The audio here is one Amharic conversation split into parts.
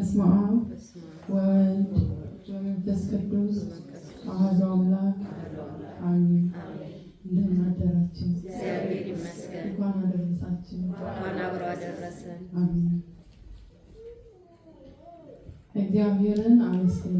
በስመ አብ ወወልድ ወመንፈስ ቅዱስ አሐዱ አምላክ አሜን። እንደምን አደራችሁ? እግዚአብሔር ይመስገን። እንኳን አደረሳችሁ። እንኳን አብሮ አደረሰን። አሜን። እግዚአብሔርን አመስግኑ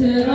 será.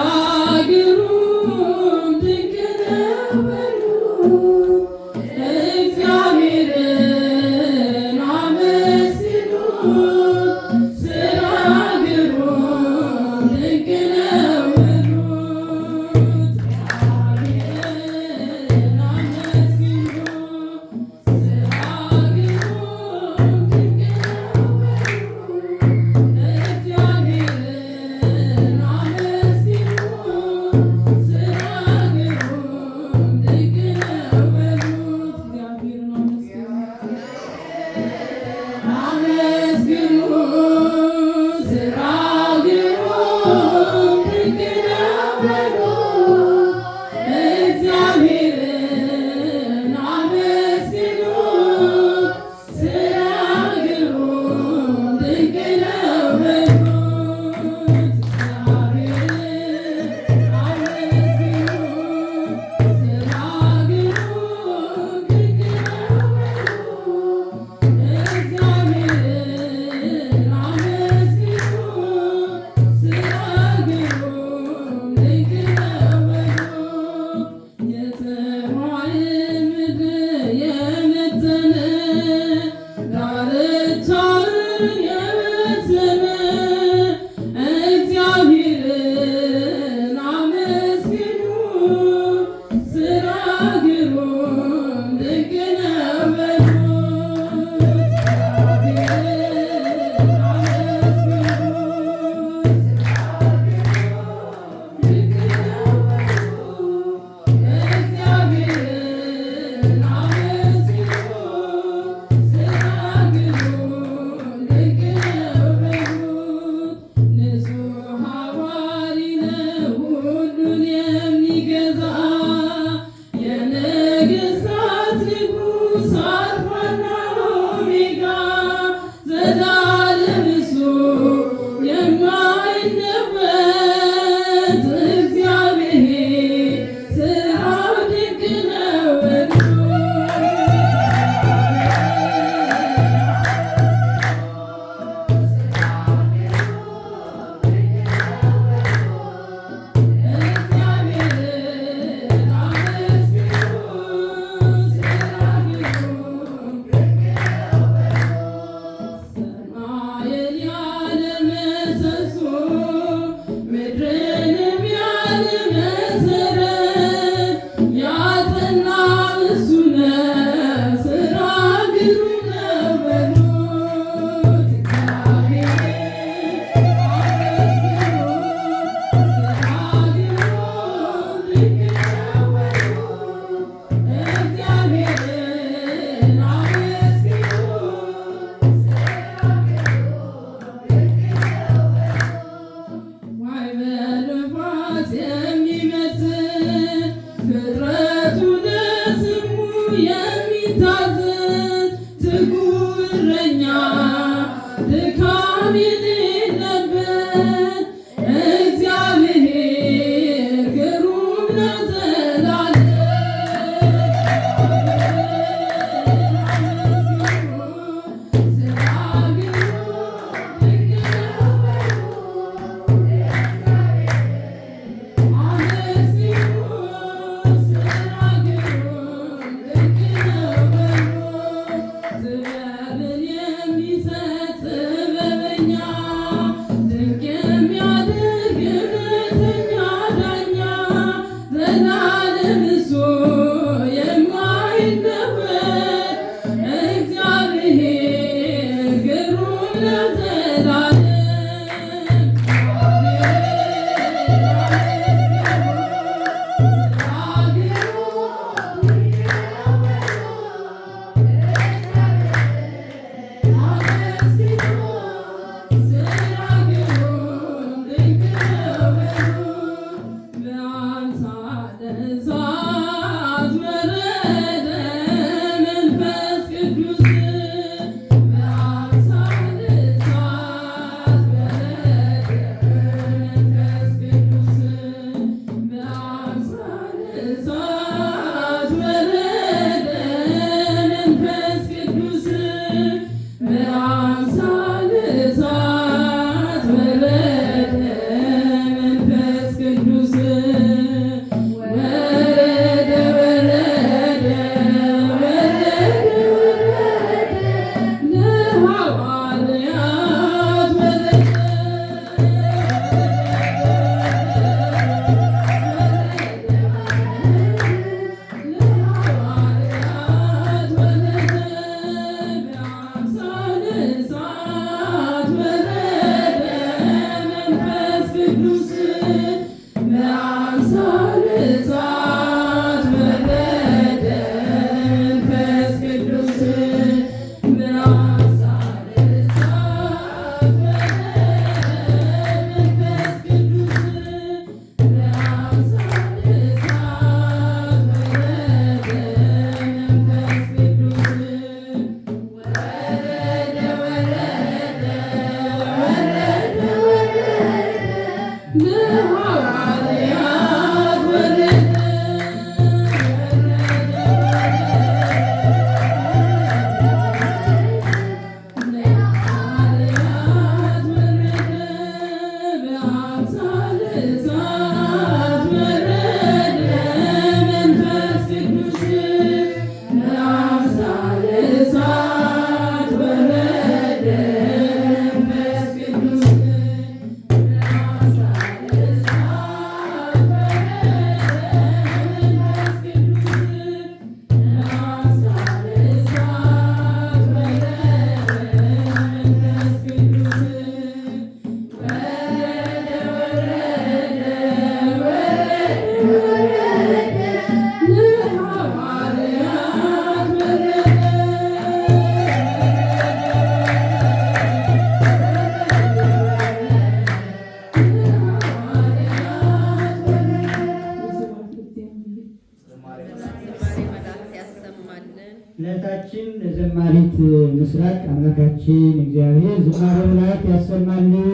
እለታችን ለዘማሪት ምስራቅ አምላካችን እግዚአብሔር ዝማሬ መላእክት ያሰማልን፣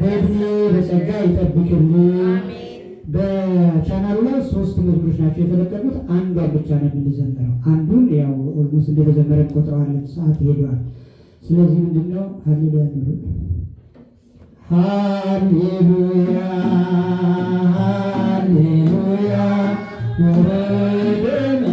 በእድሜ በጸጋ ይጠብቅልን። በቻናሉ ላይ ሶስት መዝሙሮች ናቸው የተለቀቁት። አንዷን ብቻ ነው የምንዘምረው። አንዱን ያው ኦልሞስት እንደተዘመረ ቆጥረዋለን፣ ሰዓት ሄዷል ስለዚህ ምንድን ነው ሀሌሉያ ኑሩ ሀሌሉያ ሀሌሉያ ወረደነ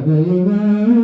Hare Rama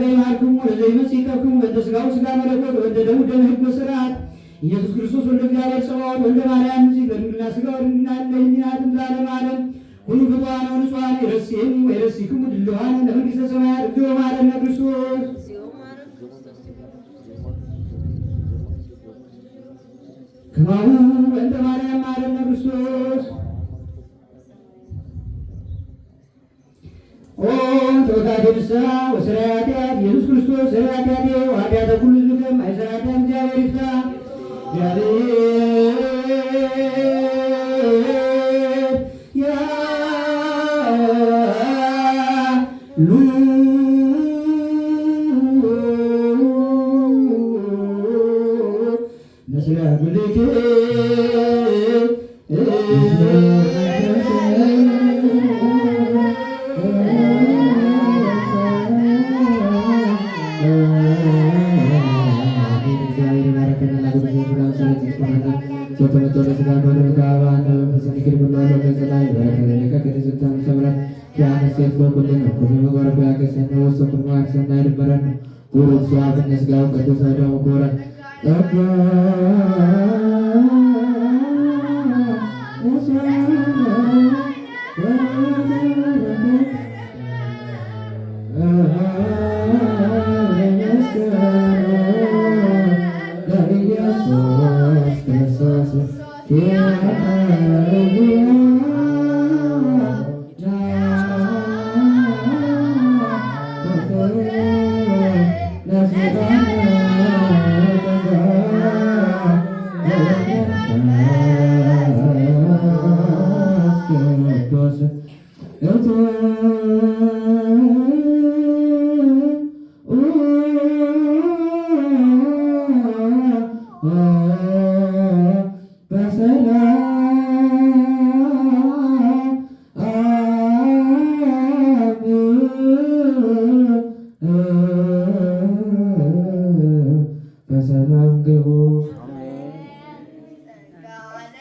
በይማርክሙ ዘይመሲከኩም ወደ ስጋው ስጋ መለኮት ወደ ደሙ ደም ህጎ ስርዓት ኢየሱስ ክርስቶስ ወልደ እግዚአብሔር ጸባዖት ወልደ ማርያም ዚ በድንግልና ስጋ ወድንግልና ለህሊናት ላለም አለም ሁሉ ፍጡዋን ሆኑ ጽዋን ይረስየኒ ወይረሲክሙ ድልዋን ለመንግሥተ ሰማያት እግዚኦ ማረነ ክርስቶስ ከማሁ ወእንተ ማርያም ማረነ ክርስቶስ ኦም ተወታደድ ስራ ወስራ ኃጢአት ኢየሱስ ክርስቶስ ስራ Música hum.